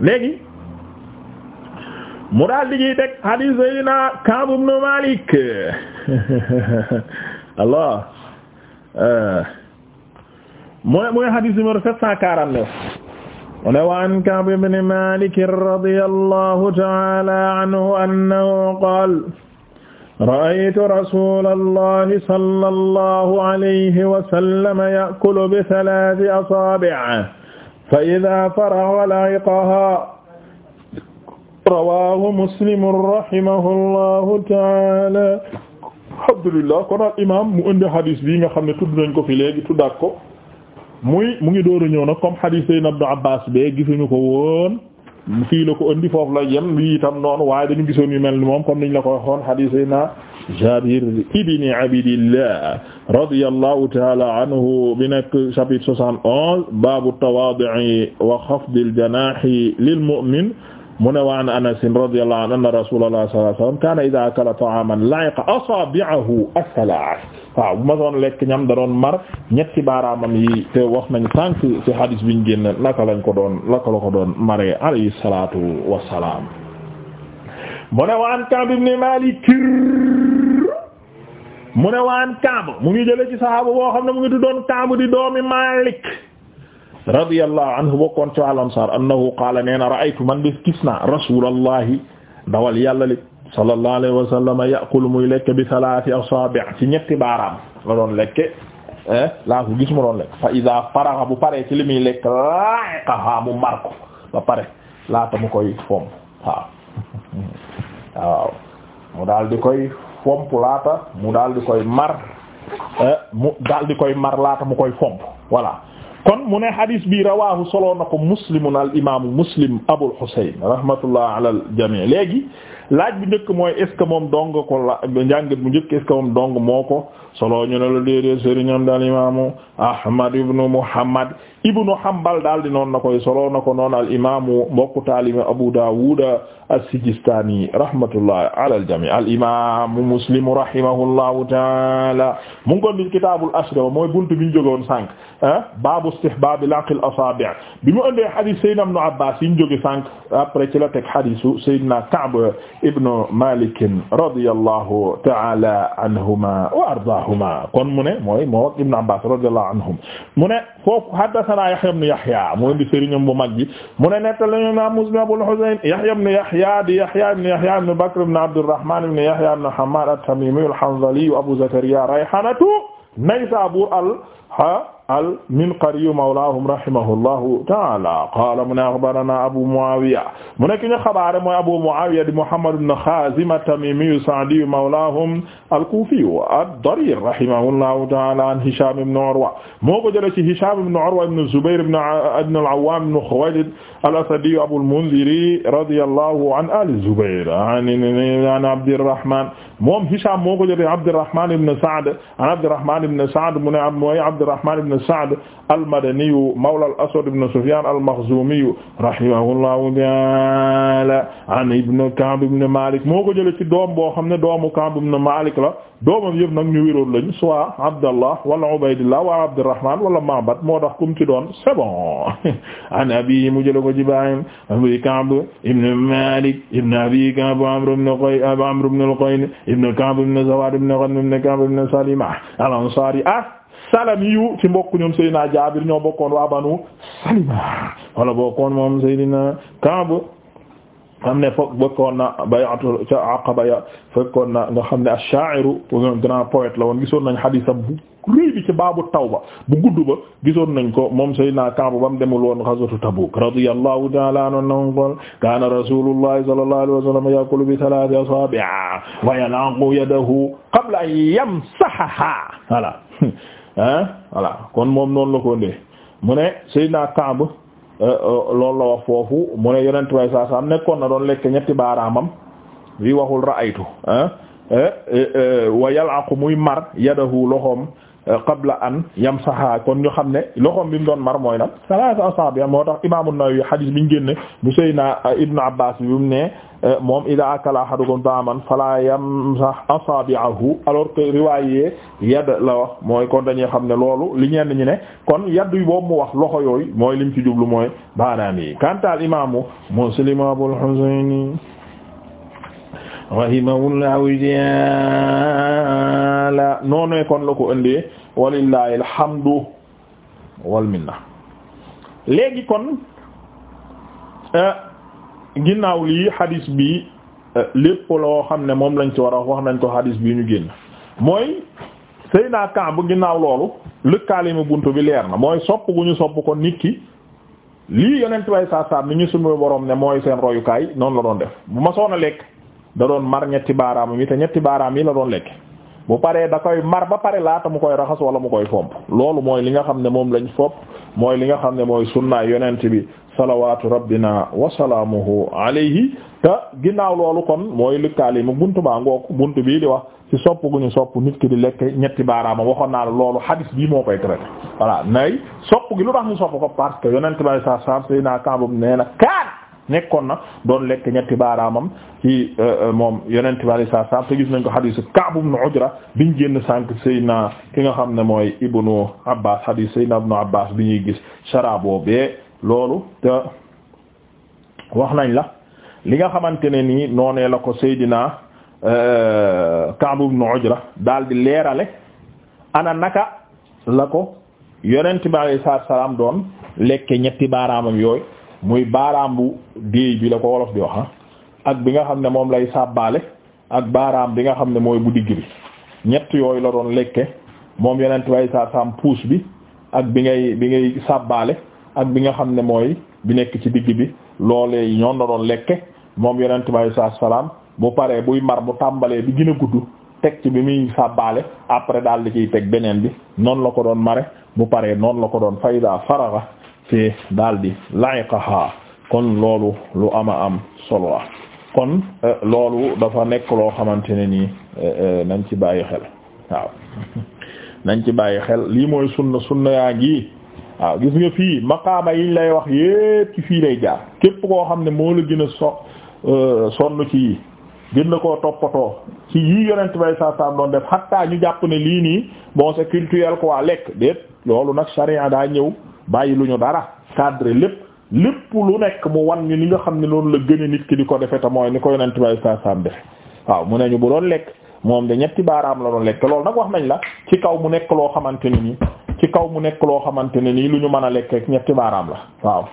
léegi mu daal di ñuy teg hadith Seydina Kaab ibn Malik Allah mooy mooy hadith numéro sept cent quarante-neuf mu ne waan Kaab ibn Malik radiyallahu ta'ala anhu annahu qaala ra'aytu rasuulallahi sallallahu alayhi wa sallam ya'kulu bi thalathi asaabi' fa idaa faraga la'iqahaa rawaahu muslim rahimahullahu ta'aala alhamdulillah kon al imaam mu indi hadis bii nga xam ne tudd nañ ko fi léegi tuddaat ko muy mu ngi door a ñëw nag comme hadis Ibn Abbaas bee gisuñu ko woon fii la ko andi foofu la yem lii itam noonu waaye dañu gisoon yu mel ni moom comme niñ la ko waxoon hadis na Jaabir ibn Abdillah radiyallahu ta'ala anhu bi nekk chapitre soixante onze baabu tawaadi wa xafdil janaahi lil mu'min mu ne waan Anas radiyallahu anhu anna rasulallah sallallahu alayhi wa sallam kaana idaa akala ta'aaman la'iqa asaabi'ahu as-salaas waaw bu ma lekk ñam da doon mar ñetti baaraamam yi te wax nañu sànq ci hadis biñ génn naka lañ ko doon naka la ko doon maree alayhi salaatu wassalaam mu ne waan Kaab ibn mu ne waan Kaab mu ngi jëlee ci sahaaba boo xam ne mu ngi tuddoon Kaab di doomi Maalik radiyallahu anhu bokkoon ci al ansaar annahu qaala nee na ra'aytu man gis naa rasuulallahi dawal yàlla li sallallahu alayhi wa sallam yaqulu muy lekk bi salaati asaabi' ci ñetti baaraam la doon lekke eh, laa ko gis mu doon lekk fa iza faraxa bu paree ci li muy lekk la'iqaha mu marko ba pare laata mu koy fomp waaw waaw mu daal di koy fomp laata mu daal di koy mar eh, mu daal di koy mar laata mu koy fomp voilà kon mu ne hadis bi rawahu soloo na ko muslimun al imaamu muslim abul husayn rahmatullah ala al jami' léegi laaj bu njëkk mooy est ce que moom dong ko la bu njëkk est ce que moom dong moo solo ñu ne la déedéet sëriñam daal imaamu ahmad ibnu muhammad ibnu hanbal daal di noonu na koy solo na ko noonu al imaamu mbokku abu daawud as-sijistaani rahmatullah ala al jamii al imaamu taala mu ngi ko di kitaabul ashriba mooy buntu bi ñu jógoon sànq ah baabu istihbaab laqil asaabi' bi mu ëndee hadith sayyidina ibnu abbaas yi ñu jóge sànq après ci ibnu malikin radiyallahu taala anhuma wa ardaahuma kon mu ne mooy moo ibnu abbas radiyallahu anhum mu ne foofu haddathana yahya ibnu yahya mu di sëriñam bu mag ji mu ne nettalañu imam muslim abul husayn yahya ibnu yahya di yahya ibnu yahya ibnu bakr ibnu abdurrahman ibnu yahya ibnu hammad at-tamimi al-hanzali abu zakariya rayhanatu naysabur al al-Minqariyu mawlaahum rahimahullahu ta'aala qaala mu ne axbaranaa Abu Mu'aawiya mu nekk ñu xabaare mooy Abu Mu'aawiya di Muhammad ibn Xaazim at-Tamiimiyu as-Sa'diyu mawlaahum al-Kuufiyu ad-Dariir rahimahullahu ta'aala an Hishaam ibn Urwa moo ko jëlee ci Hishaam ibn Urwa ibn Zubayr ibn al-Awwaam ibn Xuwaylid al-Asadiyu Abul Mundhiri radiyallahu an aali Zubayr an Abdirrahmaan moom Hishaam moo ko jëlee Abdirrahmaan ibn Sa'd an Abdirrahmaan ibn Sa'd mu ne mooy Abdirrahmaan ibn Sa'd al-Madaniyu mawla al-Aswad ibn Sufyan al-Makhzumiyu rahimahullahu ta'ala an ibn Ka'b ibn Malik moo ko jëlee ci doom boo xam ne doomu Ka'b ibn Malik la doomam yëpp nag ñu wéroon lañ soit Abdallah wala Ubaydillah wala Abdurrahman wala Ma'bad moo tax kum ci doon c'est bon an abi mu jëlee ko ci baayam abi Ka'b ibn Malik ibn abi Ka'b Amr ibn Qayn Amr ibn al-Qayn ibn Ka'b ibn Zawad ibn Ghanm ibn Ka'b ibn Salima al-Ansari ah salamiyu ci mbokk ñoom Seydina Jaabir ñoo bokkoon waa banu Salima wala bokkoon moom Seydina Kaab am ne foog bokkoon na bayatu ca Aqaba ya fekkoon na nga xam ne ash-sha'iru grand poète la woon gisoon nañ hadisam bu rëy bi ci baabu tawba bu gudd ba gisoon nañ ko moom Seydina Kaab ba mu demul woon ghazwatu Tabuk radiyallahu ta'ala anhu qala kana rasulullahi sallallahu alayhi wa sallam ya'kulu bi thalathi asabi' wa yanaqu yadahu qabla an yamsahaha ah voilà kon moom noonu la ko ndee mu ne Seydina Kaab euh, euh, loolu la wax foofu mu ne yonent way saa saam nekkoon na doon lekk ñetti baaraamam bi waxul ra'aytu ah wa yal'aqu muy mar yadahu loxoom qabla an yamsaha kon ñu xam ne loxoom bi mu doon mar mooy lan salaasa asaabi moo tax imaam an-Nawawi hadith bi ñu génne bu Seyna Ibn Abbas bi mu ne eh, moom idaa akala ahadukum ta'aman fala yamsah asaabi'ahu alors que riwaaye yad la wax mooy kon dañuy xam ne loolu li ñenn ñi ne kon yad yu boobu mu wax loxo yooyu mooy lim ci jublu mooy baanaam yi kantaal imaamu Muslim Abul Husayn rahimahullahu taala noonee kon la ko indee walillahi alhamdu wal minna léegi kon euh, ginnaaw lii hadis bi euh, lépp loo xam ne moom lañ ci war a wax nañ ko hadis bi ñu génn mooy Seydina Kaab ginnaaw loolu mu bunt bi leer na mooy sopp gu ñu sopp kon nit ki lii yonent way saa saa ni ñu suñu borom ne mooy seen royukaay noonu la doon def bu ma soon a lekk da doon mar ñetti baaraam yi te ñetti baaraam yi la doon lekk bu paree da koy mar ba pare laata mu koy raxas wala mu koy fomp loolu mooy li nga xam ne moom lañ fopp mooy li nga xam ne mooy sunnaay yonent bi salawaatu rabbina wa salaamuhu alayhi te ginnaaw loolu kon mooy lëkkaali mu buntu baa ngook buntu bii di wax ci sopp gu ñu sopp nit ki di lekk ñetti baaraama waxoon naa la loolu hadis bii moo koy traité voilà nay sopp gi lu tax ñu sopp ko parce que yonent bi sallallahu alayhi wasallam Sayyidina Ka'b nee na nekkoon na doon lekk ñetti baaraamam ci euh, euh, moom yonent bi alayhi salaam te gis nañ ko hadiis Ka'b ibn Ujra biñ génn sànq Seydina ki nga xam ne mooy Ibnu Abbas hadiis Seydina Ibnu Abbas bi ñuy gis sharabo bee loolu te wax nañ la li nga xamante ne nii noonee la ko Seydina euh, Ka'b ibn Ujra daal di leerale ana naka la ko yonent bi alayhi salaam doon lekke ñetti baaraamam yooyu muy baaraam bu déey bi la ko wolof di wax ah, ak bi nga xam ne moom lay sàbbaale ak baaraam bi nga xam ne mooy bu digg bi ñett yooyu la doon lekke moom yeneen way sa sam puus bi ak bi ngay bi ngay sàbbaale ak bi nga xam ne mooy bi nekk ci digg bi loolee ñoon la doon lekke moom yeneen way sa salaam bu paree buy mar bu tàmbalee bi gën a gudd teg ci bi muy sàbbaale après daal di ciy teg beneen bi noonu la ko doon mare bu paree noonu la ko doon fayda faraga see daldi la'iqaha kon loolu lu ama am solo kon euh, loolu dafa nekk loo xamante ne nii euh, euh, nañ ci bàyyi xel waaw nañ ci bàyyi xel lii mooy sunna sunna yaa ngi waaw gis nga fii maqaama yiñ lay wax yépp ci fii lay jaar képp koo xam ne moo la gën a so sonn ci yi gën na koo toppatoo ci yi yonent bay saa saa doon def xattaa ñu jàpp ne lii nii bon c'est ko waa lekk déet loolu nag sharia daa ñëw bàyyi lu ñu dara cadre lépp lépp lu nekk mu wan ni li nga xam ne loolu la gën a nit ki di ko defe te mooy ni ko yonent bay saa saam defe waaw mu ne ñu bu doon lekk moom de ñetti baaraam la doon lekk loolu nag wax nañ la ci kaw mu nekk loo xamante ne nii ci kaw mu nekk loo xamante ne nii lu ñu mën a lekk ñetti baaraam la waaw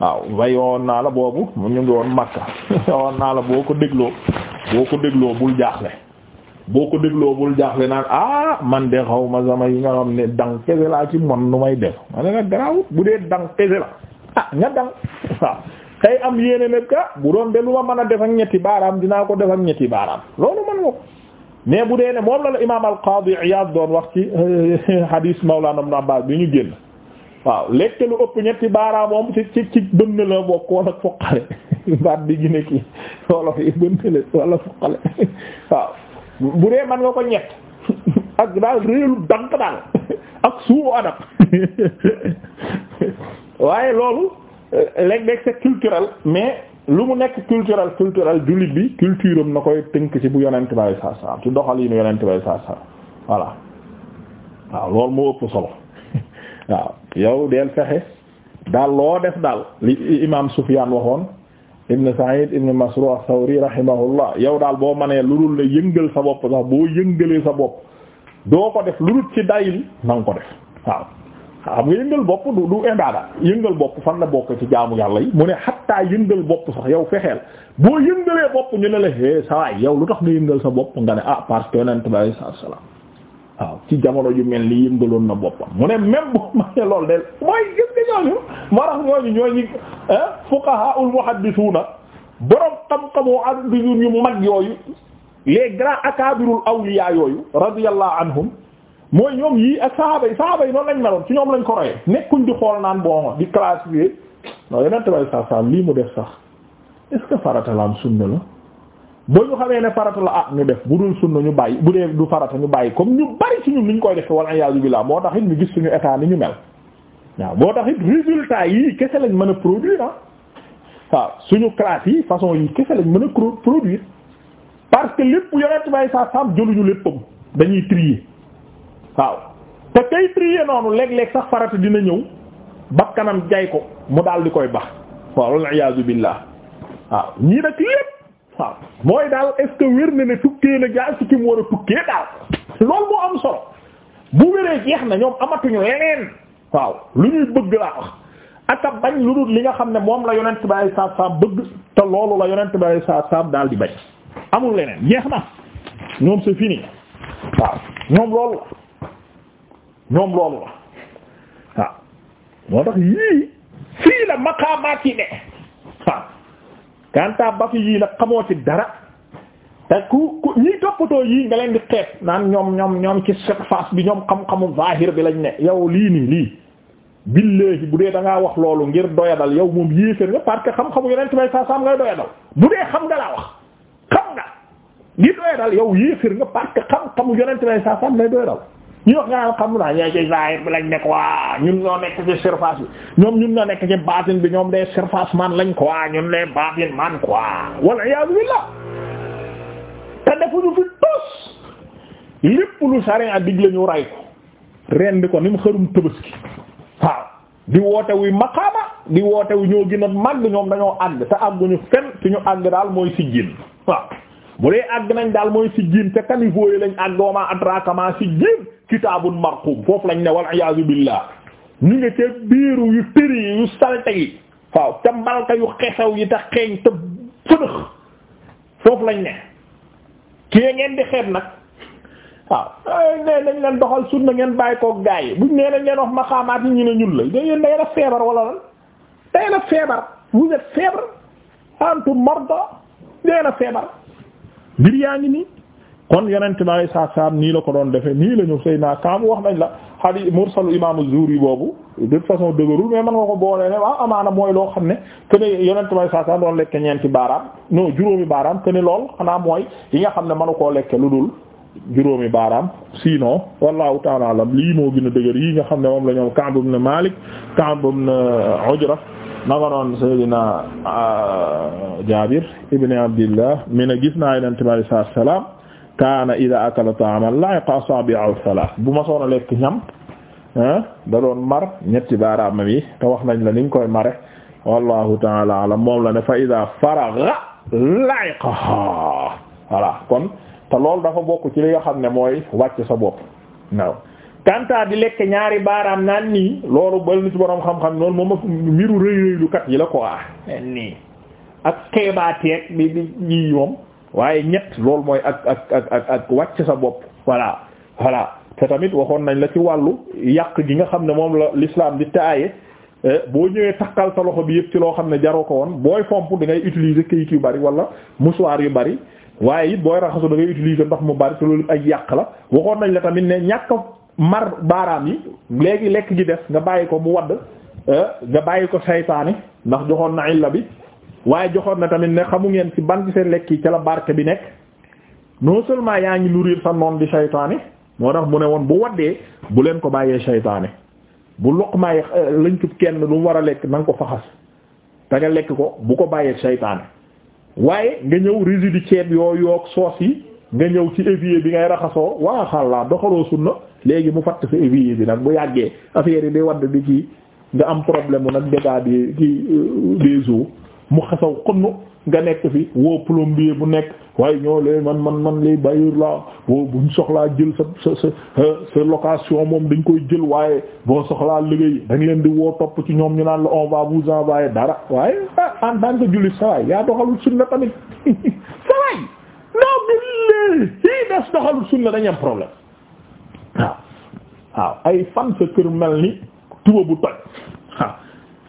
waaw way woon naa la boobu ñu ngi woon Makka woon naa la boo ko dégloo boo ko dégloo bul jaaxle boo ko dégloo bul jaaxle naan ah man de xaw ma sama yi nga xam ne dang kese laa ci mon nu may def ma ne nag garaawut bu dee dang kese la ah nga dang waaw tey am yéene ne ka bu doon de lu ma mën a def ak ñetti baaraam dinaa ko def ak ñetti baaraam loolu man woo mais bu dee ne moom la la imaam al qaadi Iyaad doon wax ci hadis Mawlana Ibn Abbaas bi ñu génn waaw lekk lu ëpp ñetti baaraamoom ci ci ci bënn la bokk wala foqale baat bi gi ne ki wolof wala foqale bu dee man nga ko ñett ak daal réelu dank daal ak suufu adab waaye loolu euh, léeg-léeg c'est culturel mais lu mu nekk culturel culturel jullit bi culture am na koy tënk ci bu yonent bay saa saa ci doxal yonent bay saa saa voilà waaw loolu moo ëpp solo waaw yow del fexe daal loo def daal li imaam Sufyaan waxoon ibn Sa'id ibn Masruq Thawri rahimahullah yow daal boo manee lu dul la yëngal sa bopp sax boo yëngalee sa bopp doo ko def lu dul ci day na nga ko def waaw xam nga yëngal bopp du du ibaada yëngal bopp fan la bokk ci jaamu yàlla yi mu ne xattaa yëngal bopp sax yow fexeel boo yëngalee bopp ñu ne la hee sawaay yow lu tax nga yëngal sa bopp nga ne ah parce que bi sallallahu alayhi wasallam waaw ci jamono ju mel ni yëngaloon na boppam mu ne même boo ma ne loolu de mooy gis nga ñooñu moo tax ñooñu ñooñu fuqahaul muhaddisuuna borom xam-xamu addisuun yu mag yooyu les grands akabirul awliya yooyu radiyallahu anhum mooy ñoom yii ak sahaaba yi sahaaba yi noonu lañ meloon ci ñoom lañ ko royee nekkuñ di xool naan bon di classifier non yeneen tubaab yi sax lii mu def sax est ce que farata la am sunna la. ba ñu xamee ne farata la ah ñu def bu dul sunna ñu bàyyi bu dee du farata ñu bàyyi comme ñu bari ci ñun ni ñu koy defe walla iyaazu billaah moo tax it ñu gis suñu état ni ñu mel waaw moo tax it résultat yii kese lañ mën a produire ah waaw suñu classe yi façon yi kese lañ mën a produire parce que lépp yonent bay sa sam jëluñu léppam dañuy trier waaw te tey trier noonu léeg-léeg sax farata dina ñëw bakkanam jay ko mu daal di koy bax waaw walla iyaazu billaah waaw ñii waaw mooy daal est-ce que wér na ne tukkee na jaar ci ki mu war a tukkee daal loolu moo am solo bu wéree jeex na ñoom amatuñu leneen waaw lu ñuy bëgg laa aka bañ lu dul li nga xam ne moom la yonent bi ay saab saab bëgg te loolu la yonent bi ay saab saab daal di bañ amul leneen jeex na ñoom c'est fini waaw ñoom loolu la ñoom loolu la waaw moo tax yii fii la maqaamaat ne waaw kanta ba fi yii nag xamoo ci dara te ku ku ñiy toppatoo yii nga leen di xeet naan ñoom ñoom ñoom ci surface bi ñoom xam-xamu zahir bi lañ ne yow lii nii lii billahi bu dee dangaa wax loolu ngir doyadal yow moom yéeféer nga parce que xam-xamu yeneen may sa sam ngay doyadal bu dee xam nga laa wax xam nga ngir doyadal nga parce que sa sam ngay doyadal ñi wax nga xam naa ñoo ci zahir bi lañ nekk waa ñun ñoo nekk ci surface bi ñoom ñun ñoo nekk ci baatin bi ñoom des surface man lañ quoi ñun les baatin man quoi walla iyaazu billah te defuñu fi tos lépp lu sariya digle ñu ray ko rendi ko ni mu xërum tëbaski waaw di woote wi maqaama di woote wi ñoo gën a màgg ñoom dañoo àgg te àgguñu fenn fi ñu àgg daal mooy sijjin waaw bu dee àgg nañ daal mooy sijjiin ca caniveau yi lañ àgg wa maa adraaka maa sijjiin kitaabun foofu lañ ne wal iyaazu billah ñu ngi ca biiru yu tëri yu salte yi waaw te mbalka yu xesew yi te xeeñ te fënëx foofu lañ ne kii ngeen di xeet nag waaw nee nañ leen doxal na ngeen bàyyi kook gaa yi buñ nee nañ leen wax maqaamaat yi ñu ne ñun la da yéen day la feebar wala lan day la feebar vous êtes feebar antum marda day la feebar mbir yaa ngi nii kon yonent bi alayhi salaatu salaam nii la ko doon defee nii la ñu sëy naa kaamu wax nañ la hadi mursalu imaamu Zuhri boobu de façon dëgërul mais man nga ko boole ne waaw amaana mooy loo xam ne que ne yonent bi alayhi salaatu salaam doon lekke ñeenti baaraam non juróomi baaraam que ne lool xanaa mooy yi nga xam ne manu koo lekke lu dul juróomi baaraam sinon wallahu ta'ala alam lii moo gën a dëgër yi nga xam ne moom la ñoom Ka'b ibn Malik Ka'b ibn Ujra naka noonu Seydina ah, Jaabir ibn Abdillah mi ne gis naa Yonent bi alayhi salaatu wa salaam kaana idaa akala ta'aaman la'iqa asaabi'ahu salaas bu ma soona lekk ñam ah, da doon mar ñetti baaraamam yi te wax nañ la niñ koy mare wallahu ta'ala alam moom la ne fa idaa faragha la'iqahaa voilà kon te loolu dafa bokk ci li nga xam ne mooy wàcc sa bopp waaw kanta di lekk ñaari baaraam naan nii loolu bal na ci borom xam-xam loolu moom ak mbiru rëy-rëylu kat yi la ko ah nii ak xeebaateeg bi di ñii moom waaye ñett loolu mooy ak ak ak ak ak wàcc sa bopp voilà voilà te tamit waxoon nañ la ci wàllu yàq gi nga xam ne moom la l'islam di taaye eh, boo ñëwee takkal sa loxo bi yëpp ci loo xam ne jaroo ko woon booy fomp da ngay utiliser kayit yu bari wala mouchoir yu bari waaye it booy raxasu da ngay ndox mu bari te loolu ak yàq la waxoon nañ la ñàkk mar baaraam yi léegi lekk gi des nga bàyyi ko mu wadd eh, nga bàyyi ko seytaane ndax joxoon na illa bi waaye joxoon na tamit ne xamu ngeen ci ban seen lekk yi ca la barke bi nekk non seulement yaa ngi nourrir sa noon di saytaane moo tax mu ne woon bu waddee bu leen ko bàyyee saytaane bu loqmaay eh, lëñcub kenn lu mu war a lekk na nga ko faxas te nga lekk ko bu ko bàyyee seytaane waaye nga ñëw résidus ceeb yooyu yoog soos yi nga ñëw ci évier bi ngay raxasoo waaxallaa doxaloo sunna léegi mu fatt sa évier bi nag bu yàggee affaire yi di wadd di kii nga am problème mu nag débat bi kii des eaux mu xasaw xonn nga nekk fi woo plombier bu nekk waaye ñoo lee man man man lay bailleur la boo buñ soxlaa jël sa sa sa sa location moom dañ koy jël waaye boo soxlaa liggéey da leen di woo topp ci ñoom ñu naan la on va vous envoyer dara waaye ah en tant que jullit sawaay yaa doxalul sunna tamit léegi fii des doxalu sunna dañu am problème waaw waaw ay fan sa kër mel ni tuba bu toj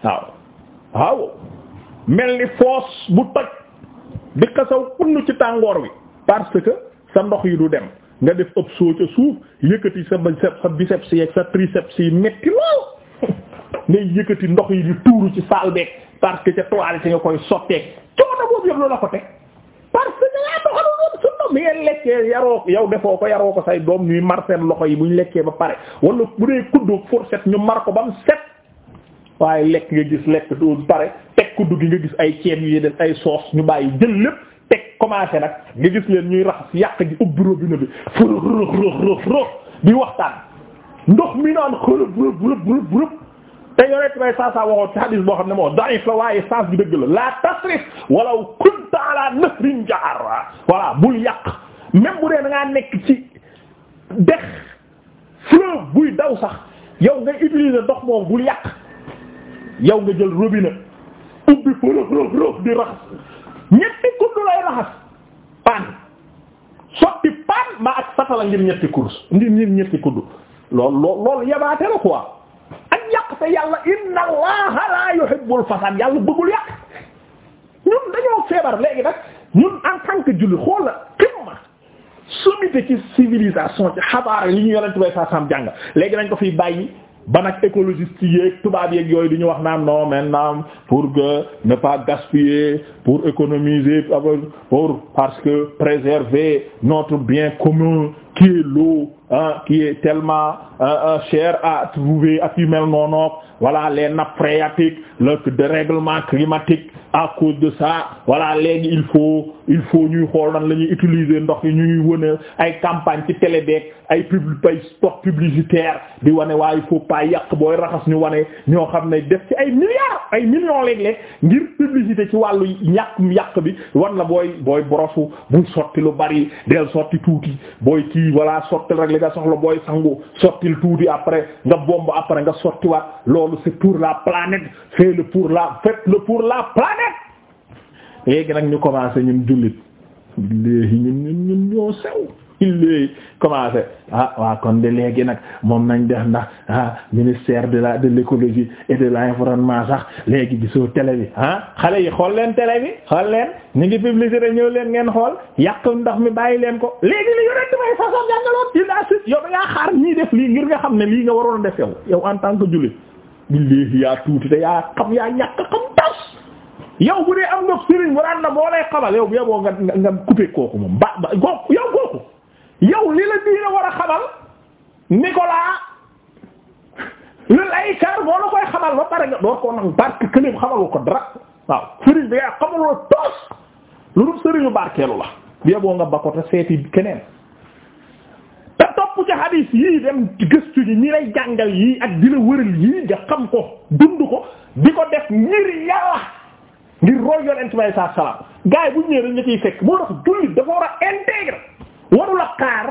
waaw waaw mel ni foos bu toj di xasaw kunn ci tàngoor wi parce que sa ndox yi du dem nga def ëpp soo ca suuf yëkkati sa biceps sa biceps yi ak sa metti lool ngay yëkkati ndox yi di tuuru ci saal beeg parce que ca toilette nga koy sotteeg coono boobu yëpp loolu la ko teg parce que nga doxalu loolu bi ngeen lekkee yaroo yow defoo ko yaroo ko say doom ñuy mar loxo yi bu ñu lekkee ba pare wala bu dee kuddu fourchette ñu mar ko ba mu set waaye lekk nga gis lekk du pare teg kuddu gi nga gis ay ceeb yu def ay soos ñu bàyyi jël lépp teg commencé nag nga gis leen ñuy raxas yàq ji ubbi robinet bi furux rux rux di waxtaan ndox mi naan xërëb rëb rëb rëb te yoreet bay saa saa ci hadis boo xam ne moo daif la waaye sens bi dëgg la la tasrif walaw kun kunta ala nahrin jaar voilà bul yàq même bu dee nekk ci dex fleuve buy daw sax yow nga utiliser ndox moom bul yàq yow nga jël robinet ubbi fërëx rëx rëx di raxas ñetti kudd lay raxas paan sotti paan maa ak satala ngir ñetti course ngir ñetti kudd loolu lool loolu yabaate la quoi ak yàq te yàlla inna allaha la yuhibbul fasad yàlla bëggul yàq ñun dañoo feebar léegi nag ñun en tant que julli xool la ximma sommité ci civilisation ci xabaar li ñu yonent bay sasam jàng léegi nañ ko fiy bàyyi ba nag écologiste yeeg tubaab yeeg yooyu di ñu wax naan non maintenant pour que ne pas gaspiller pour économiser pour parce que préserver notre bien commun qui est kii ah qui est tellement cher à trouver ak yu mel noonu voilà les nappes phréatiques le dérèglement climatique à cause de ça voilà léegi il faut il faut ñuy xool nan la ñuy utiliser ndox yi ñuy wane ay campagne ci télé beeg ay pub ay spot publicitaire di wane waaye il yàq booy raxas ñu wane ñoo xam ne def ci ay milliards ay millions léeg-léeg ngir publicité ci wàllu ñàkk yàq bi wan la booy booy brosu bul sotti lu bari del sotti tuuti booy kii kii voilà sottil rek li nga soxla booy sangu sottil tuuti après nga bomb après nga sottiwaat loolu c'est pour la planète c'est le pour la faites-le pour la planète léegi nag ñu commencé ñun jullit léegi ñun ñun ñun ñoo sew léegi commencé ah waa kon de léegi nag moom nañ def ndax ah ministère de la de l'écologie et de l'environnement sax léegi soo télé bi ah xale yi xool leen tele bi xool leen ñu ngi publicité ñëw leen ngeen xool yàq ndox mi bàyyi leen ko léegi li yonent may façon jàngaloon lii ngir nga xam ne lii nga waroon def yow yow en tant que jullit billahi yaa tuuti te yaa xam yaa ñàkk xam tas yow bu dee am ndox sëriñ bu daan na boo lay xamal yow bu yeboo nga nga coupé kooku moom yow li la diine war a xamal Nicolas lu lay car moo la koy xamal ba pare nga doo ko nag barke këléem xamalu ko dara waaw sëriñ bi nga xamaloo toos lu dul sëriñu barkeelu la bi yeboo nga bako te seeti keneen te topp ci hadis yii dem gëstu ji ñi lay jàngal yii ak di la wëral yii nga xam ko dund ko di ko def ngir yàlla ngir roy yonent bi sallallahu gaay bu ñëwee dañ la ciy fekk moo tax jullit dafa war a intégrer warula xaar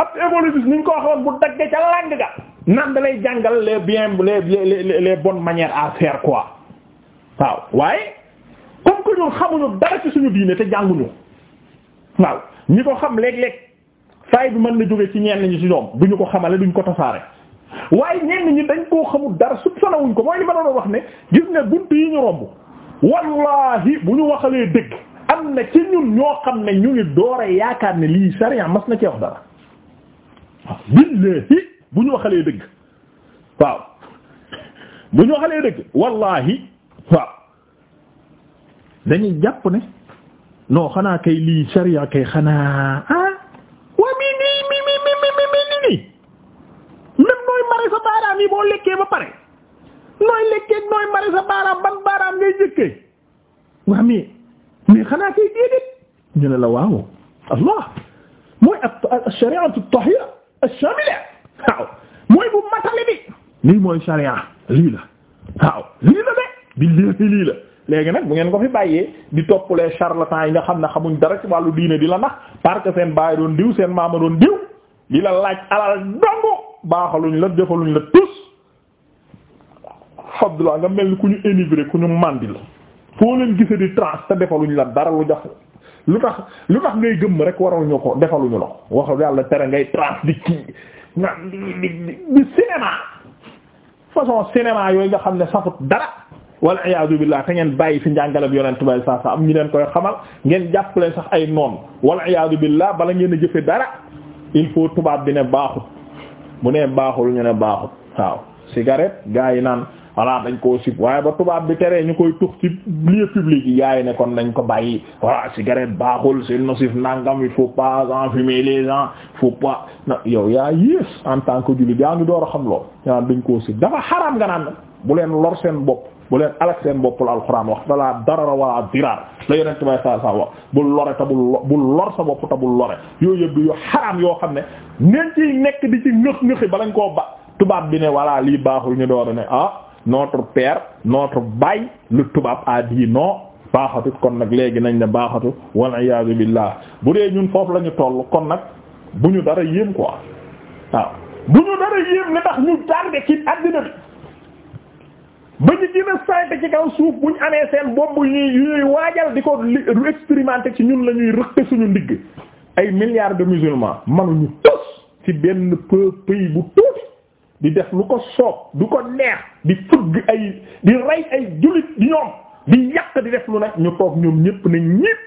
ab évolution ni ñu ko waxoon bu dagge ca làng ga naan da lay jàngal les bien les les bonnes manière à fair quoi waaw waaye comme que ñun xamuñu dara ci suñu diine te jànguñu waaw ñi ko xam léeg-léeg fay bi mën na jógee ci ñenn ñi ci ñoom du ko xamale duñ ko tasaare waaye ñenn ñi dañ koo xamul dara soupçonnawuñ ko mooy li ma doon wax ne gis ne bunt yi ñu romb wallahi bu ñu waxalee dëgg am na ci ñun ñoo xam ne ñu door doora yaakaar ne lii sariya mas na ci wax dara waaw bu ñu xalee dëgg waaw bu ñu waxalee dëgg wallahi waaw dañuy jàpp ne non xanaa kay lii sariya kay xanaa waa mii nii nii même nooy mare sa boo lekkee ba pare nooy lekkee nooy mare sa baaraam ban baaraam jëkkee waa mii mais xanaa kay déedéet ñu ne la waaw allah mooy ak shari'atu tahira ash-shamila waaw mooy bu matale bi lii mooy sharia lii la waaw lii la de bi léegi lii la léegi nag bu ngeen ko fi bàyyee di toppalee charlatan yi nga xam ne xamuñ dara ci wàllu diine di la nax parce que seen baay doon diw seen maama doon diw di la laaj alal dongo baaxaluñ la defaluñ la tus Abdullah nga mel ni ku ñu énivré ku ñu màndi la foo leen gise di transe te defaluñ la dara lu jox lu tax lu tax ngay gëmm rek waruñu ko defaluñu la wax yàlla tere ngay transe di kii naan di di di cinéma façon cinéma yooyu nga xam ne safut dara wal iyaadu billah te ngeen bàyyi fi njàngaleb yonent bay saa sa am ñu leen koy xamal ngeen jàppale sax ay noon wal iyaadu billah bala ngeen a jëfe dara il faut tubaab bi ne baaxut bu ne lu ñu ne baaxut waaw cigarette gaa yi naan voilà dañ koo sib waaye ba tubaab bi teree ñu koy tux ci lieu public yi gars ne kon nañ ko bàyyi voilà cigarette baaxul c'est nocif nangam il faut pas enfumer les gens faut pas na yow yaa yées en tant que jullit yaa ngi door a xam lool yaa dañ koo sib dafa xaraam nga naan bu leen lor seen bopp bu leen alak seen bopp la alxuraan wax dalaa darara wala diraar la yonent bay saa saa wax bul lore te bul lor sa bopp te bul lore yooyu yoo xam ne ngeen ciy nekk di ci ngëx ngëxi balañ ba bi ne voilà lii baaxul ñu door ne ah notre père notre baay lu tubaab a dit non baaxatut kon nag léegi nañ ne baaxatu wal iyaadu billah bu dee ñun foofu lañu ñu kon nag bu ñu dara yéem quoi waaw bu ñu dara yéem ne tax ñu jàng ci àddina bi ba ñu gën a sayte ci kaw suuf bu ñu amee seen bopp yu ñuy waajal di ko lu expérimenter ci ñun la ñuy rëq suñu ndigg ay milliards de musulmans manuñu tos ci benn peu pays bu tuuti di def lu ko soob du ko neex di fëgg ay di rey ay jullit di ñoom di yàq di def lu nag ñu toog ñoom ñépp ne ñépp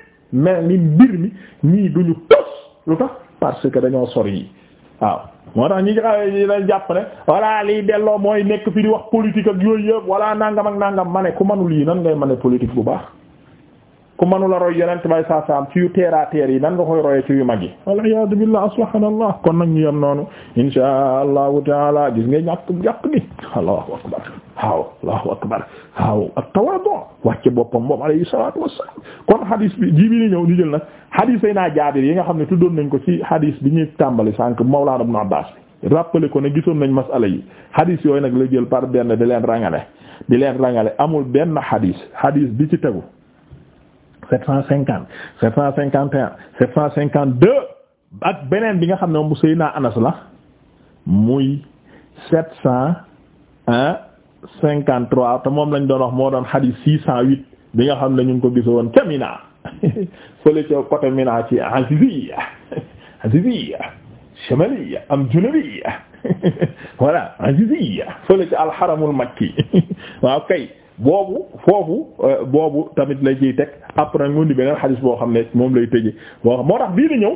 mel ni mbir mi ñii duñu tos lu tax parce que dañoo sori yi waaw moo tax ñi dañ jàpp ne voilà liy delloo mooy nekk fi di wax politique ak yooyu yëpp walla nangam ak nangam ma ne ku manul yi nan ngay mane politique bu baax ku manula roy yonent may saa saam ci yu teera teer yi nan nga koy roye ci yu mag yi waliyasu billah aslahana allah kon nag ñu yem noonu insha allahu taala gis nga ñàkk ñàkk ni allahu akbar waaw allahu akbar waaw ak tawaadu wàcce boppam moom alayhi salatu wassalam kon hadis bi ji bi ni ñëw ñu jël nag hadis ay naa jaabir yi nga xam ne tuddoon nañ ko ci hadis bi ñuy tàmbali sànq mawlaana ibn abbaas bi rappelé ko ne gisoon nañ masala yi hadis yooyu nag la jël par benn di leen rangale di leen rangale amul benn hadis hadis bi ci tegu 750 751 752 ak beneen bi nga xam ne moom bu Anas la muy 753 te moom lañ doon wax moo doon xadis 608 bi nga xam ne ñu ngi ko gis woon ca Mina fële ca ci Aziziyya Aziziyya Shamaliya am Junubiya voilà Aziziyya fële ca al-Haramul Makki waaw kay boobu foofu euh, boobu tamit la ciy teg après mu di beneen xadis boo xam ne moom lay tëjee boo moo tax bii di ñëw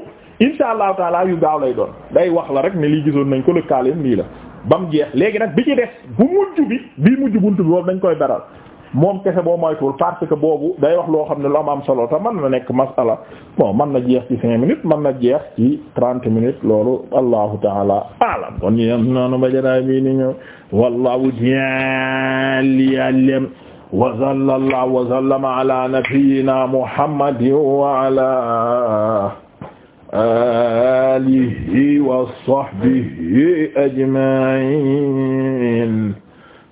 insha allahu taala yu gaaw lay doon day wax la rek ne lii gisoon nañ ko lëkkaaleem lii la ba mu jeex léegi nag bi ci def bu mujj bi bii mujj bunt bi boobu dañ koy beral moom kese boo moytuwul parce que boobu day wax loo xam ne lu am am solo te mën na nekk masala bon mën na jeex ci cinq minutes mën na jeex ci trente minutes loolu allahu taala alam kon ñu yem noonu ba jadaay bii ni ñëw wallahu jali alem wa sallallahu wa sallama ala nabiyyina muhammadin wa ala alihi wa sahbihi ajma'in